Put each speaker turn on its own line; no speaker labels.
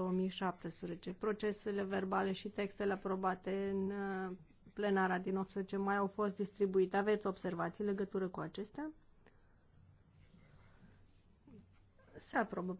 2017. Procesele verbale și textele aprobate în uh, plenara din 18 mai au fost distribuite. Aveți observații legătură cu acestea? Se aprobă